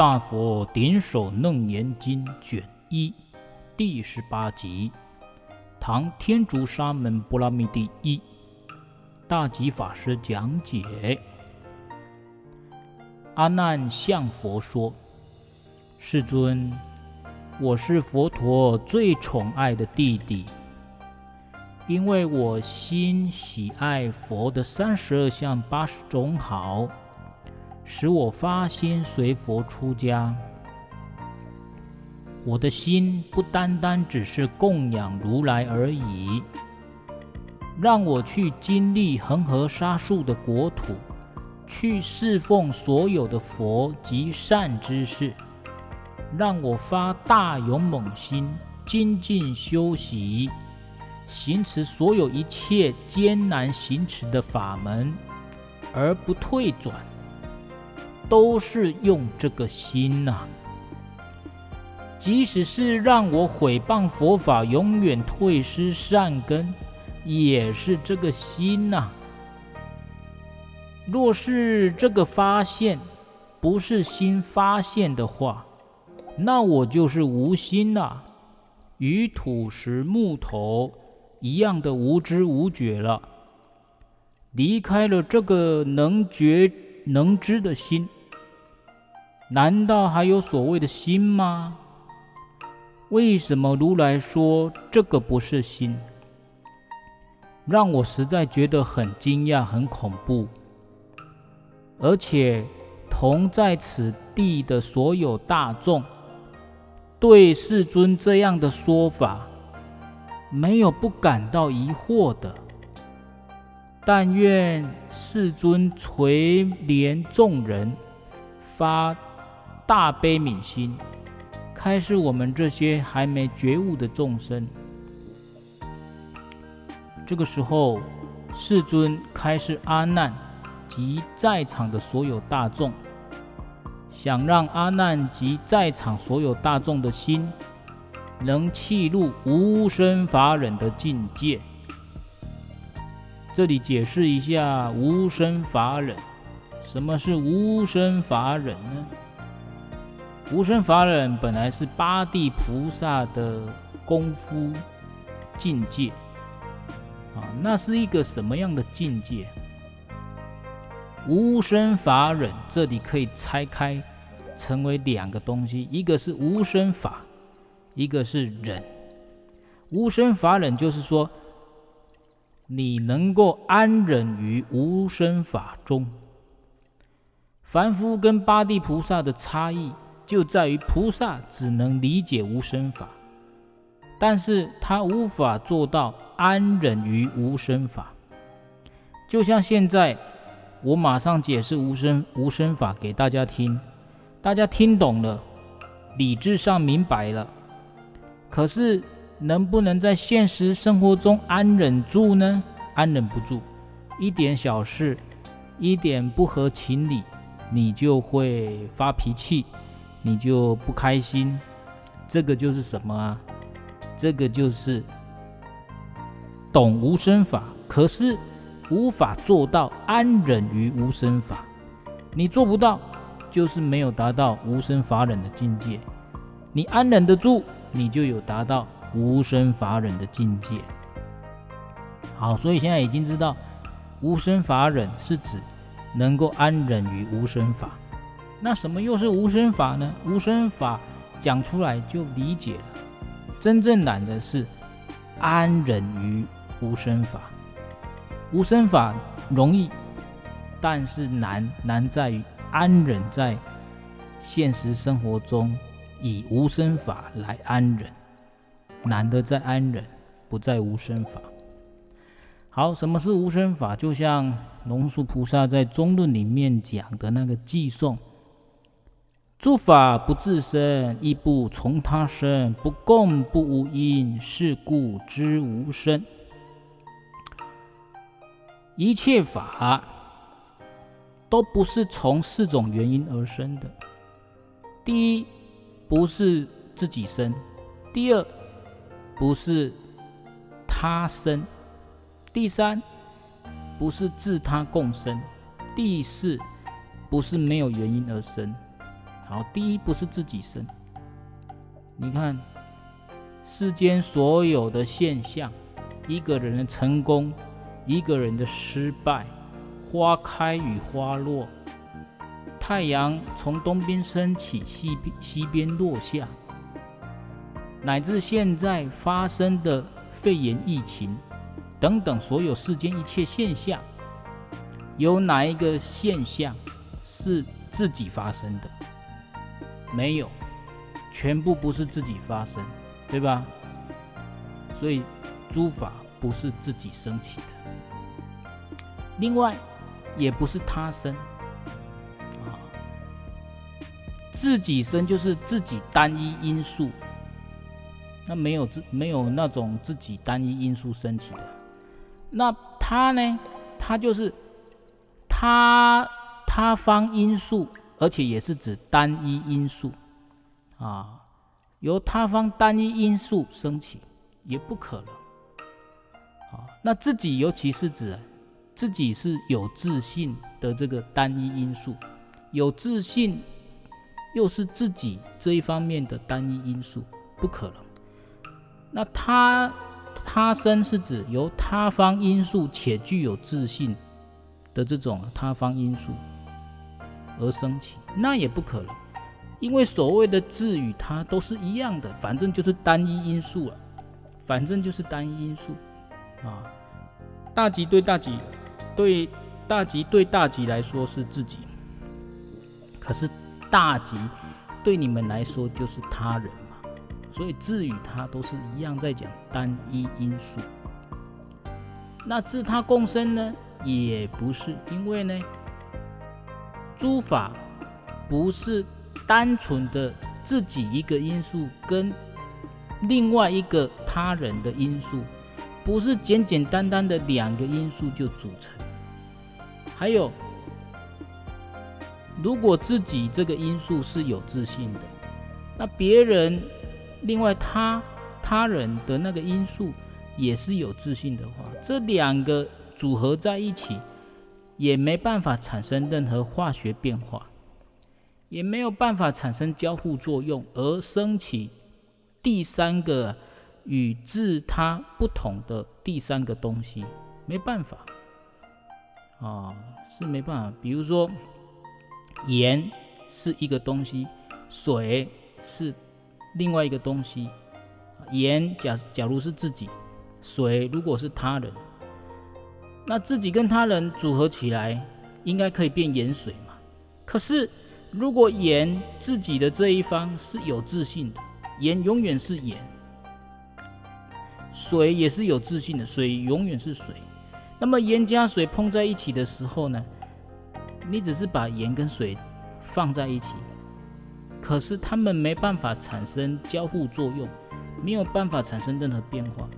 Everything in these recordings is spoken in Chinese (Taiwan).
大佛頂首楞嚴經卷一第十八集，唐天竺沙門波羅蜜第一，大寂法師講解。阿難向佛說：“世尊，我是佛陀最寵愛的弟弟，因為我心喜愛佛的三十二相八十種好。”使我發心隨佛出家，我的心不單單只是供養如來而已，讓我去經歷恆河沙數的國土，去侍奉所有的佛及善知識，讓我發大勇猛心，精進修習，行持所有一切艱難行持的法門，而不退轉。都是用這個心吶、啊，即使是讓我毀謗佛法，永遠退失善根，也是這個心吶、啊。若是這個發現不是心發現的話，那我就是無心吶、啊，與土石木頭一樣的無知無覺了，離開了這個能覺能知的心。難道還有所謂的心嗎？為什麼如來說這個不是心？讓我實在覺得很驚訝、很恐怖。而且同在此地的所有大眾，對世尊這樣的說法，沒有不感到疑惑的。但願世尊垂憐眾人，發大悲憫心，開示我們這些還沒覺悟的眾生。這個時候，世尊開示阿難及在場的所有大眾，想讓阿難及在場所有大眾的心能契入無生法忍的境界。這裡解釋一下，無生法忍，什麼是無生法忍呢？無生法忍本來是八地菩薩的功夫境界，啊，那是一個什麼樣的境界？無生法忍這裡可以拆開成為兩個東西，一個是無生法，一個是忍。無生法忍就是說，你能夠安忍於無生法中。凡夫跟八地菩薩的差異。就在於菩薩只能理解無生法，但是他無法做到安忍於無生法。就像現在，我馬上解釋無生無生法給大家聽，大家聽懂了，理智上明白了，可是能不能在現實生活中安忍住呢？安忍不住，一點小事，一點不合情理，你就會發脾氣。你就不開心，這個就是什麼啊？這個就是懂無生法，可是無法做到安忍於無生法。你做不到，就是沒有達到無生法忍的境界。你安忍得住，你就有達到無生法忍的境界。好，所以現在已經知道，無生法忍是指能夠安忍於無生法。那什麼又是無生法呢？無生法講出來就理解了。真正難的是安忍於無生法。無生法容易，但是難難在於安忍，在現實生活中以無生法來安忍，難的在安忍，不在無生法。好，什麼是無生法？就像龍樹菩薩在中論裡面講的那個偈頌。諸法不自生，亦不從他生，不共不無因，是故知無生。一切法都不是從四種原因而生的：第一，不是自己生；第二，不是他生；第三，不是自他共生；第四，不是沒有原因而生。好，第一不是自己生。你看，世間所有的現象，一個人的成功，一個人的失敗，花開與花落，太陽從東邊升起西邊，西邊落下，乃至現在發生的肺炎疫情等等，所有世間一切現象，有哪一個現象是自己發生的？沒有，全部不是自己發生，對吧？所以諸法不是自己生起的，另外也不是他生，啊、哦，自己生就是自己單一因素，那沒有自沒有那種自己單一因素生起的，那他呢？他就是他他方因素。而且也是指單一因素，啊，由他方單一因素生起，也不可能。啊，那自己尤其是指自己是有自信的這個單一因素，有自信又是自己這一方面的單一因素，不可能。那他他生是指由他方因素且具有自信的這種他方因素。而升起，那也不可能，因為所謂的自與他都是一樣的，反正就是單一因素了，啊，反正就是單一因素，啊，大寂對大寂，對大寂對大寂來說是自己，可是大寂對你們來說就是他人嘛，所以自與他都是一樣，在講單一因素，那自他共生呢，也不是，因為呢，諸法不是單純的自己一個因素跟另外一個他人的因素，不是簡簡單單的兩個因素就組成。還有，如果自己這個因素是有自性的，那別人另外他他人的那個因素也是有自性的話，這兩個組合在一起。也沒辦法產生任何化學變化，也沒有辦法產生交互作用，而生起第三個與自他不同的第三個東西，沒辦法，啊，是沒辦法。比如說，鹽是一個東西，水是另外一個東西，鹽假假如是自己，水如果是他人。那自己跟他人組合起來，應該可以變鹽水嘛？可是如果鹽自己的這一方是有自性的，鹽永遠是鹽，水也是有自性的，水永遠是水。那麼鹽加水碰在一起的時候呢？你只是把鹽跟水放在一起，可是它們沒辦法產生交互作用，沒有辦法產生任何變化。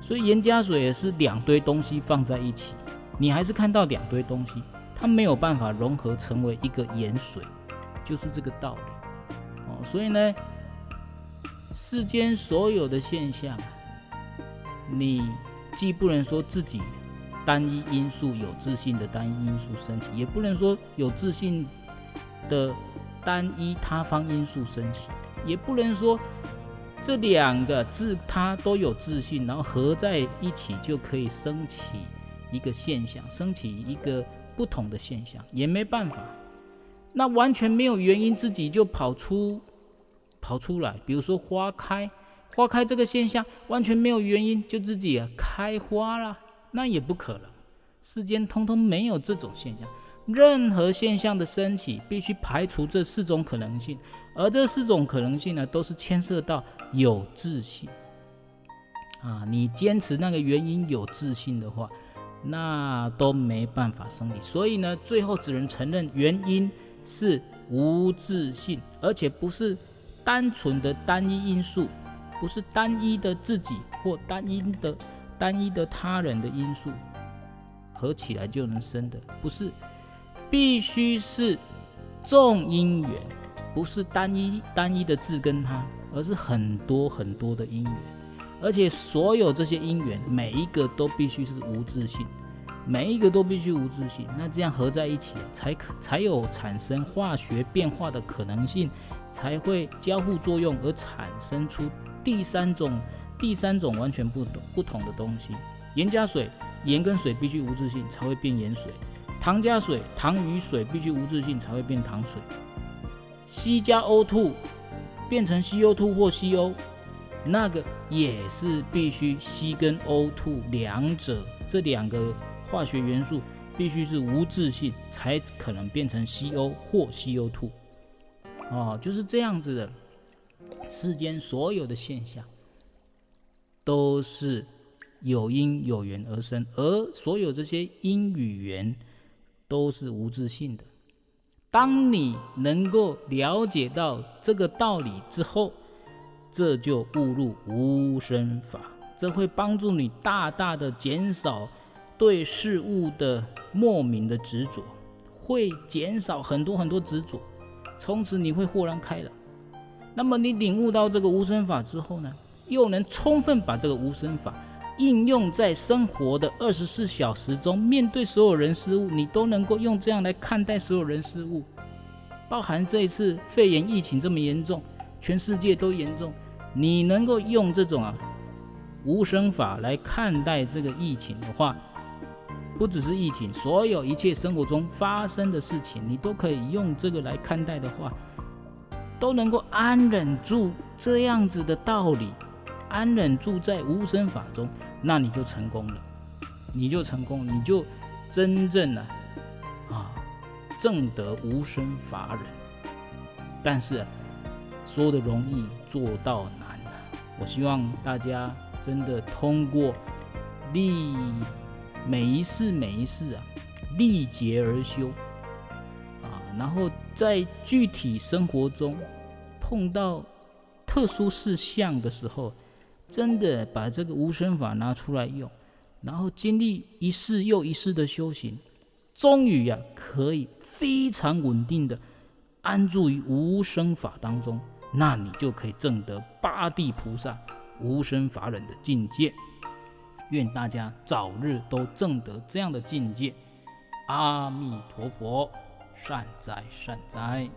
所以鹽加水也是兩堆東西放在一起，你還是看到兩堆東西，它沒有辦法融合成為一個鹽水，就是這個道理。哦，所以呢，世間所有的現象，你既不能說自己單一因素有自性的單一因素生起，也不能說有自性的單一他方因素生起，也不能說。這兩個自他都有自性，然後合在一起就可以升起一個現象，升起一個不同的現象也沒辦法。那完全沒有原因自己就跑出跑出來，比如說花開，花開這個現象完全沒有原因就自己開花了，那也不可能。世間通通沒有這種現象，任何現象的升起必須排除這四種可能性。而這四種可能性呢，都是牽涉到有自信啊。你堅持那個原因有自信的話，那都沒辦法生起。所以呢，最後只能承認原因是無自信，而且不是單純的單一因素，不是單一的自己或單一的單一的他人的因素合起來就能生的，不是必須是眾因緣。不是單一單一的字跟它，而是很多很多的因緣，而且所有這些因緣每一個都必須是無自性，每一個都必須無自性，那這樣合在一起才可才有產生化學變化的可能性，才會交互作用而產生出第三種第三種完全不同不同的東西。鹽加水，鹽跟水必須無自性才會變鹽水；糖加水，糖與水必須無自性才會變糖水。C 加 O2 變成 CO2 或 CO，那個也是必須 C 跟 O2 兩者這兩個化學元素必須是無自性，才可能變成 CO 或 CO2。哦，就是這樣子的。世間所有的現象都是有因有緣而生，而所有這些因與緣都是無自性的。當你能夠了解到這個道理之後，這就悟入無生法，這會幫助你大大的減少對事物的莫名的執着，會減少很多很多執着，從此你會豁然開朗。那麼你領悟到這個無生法之後呢，又能充分把這個無生法。應用在生活的二十四小時中，面對所有人事物，你都能夠用這樣來看待所有人事物，包含這一次肺炎疫情這麼嚴重，全世界都嚴重，你能夠用這種啊無生法來看待這個疫情的話，不只是疫情，所有一切生活中發生的事情，你都可以用這個來看待的話，都能夠安忍住這樣子的道理。安忍住在無生法中，那你就成功了，你就成功，你就真正呢，啊，啊，證得無生法忍，嗯。但是，啊，說的容易，做到難，啊。我希望大家真的通過歷，每一世每一世啊，歷劫而修啊，然後在具體生活中碰到特殊事項的時候。真的把這個無生法拿出來用，然後經歷一世又一世的修行，終於呀、啊，可以非常穩定的安住於無生法當中，那你就可以證得八地菩薩無生法忍的境界。願大家早日都證得這樣的境界。阿彌陀佛，善哉善哉。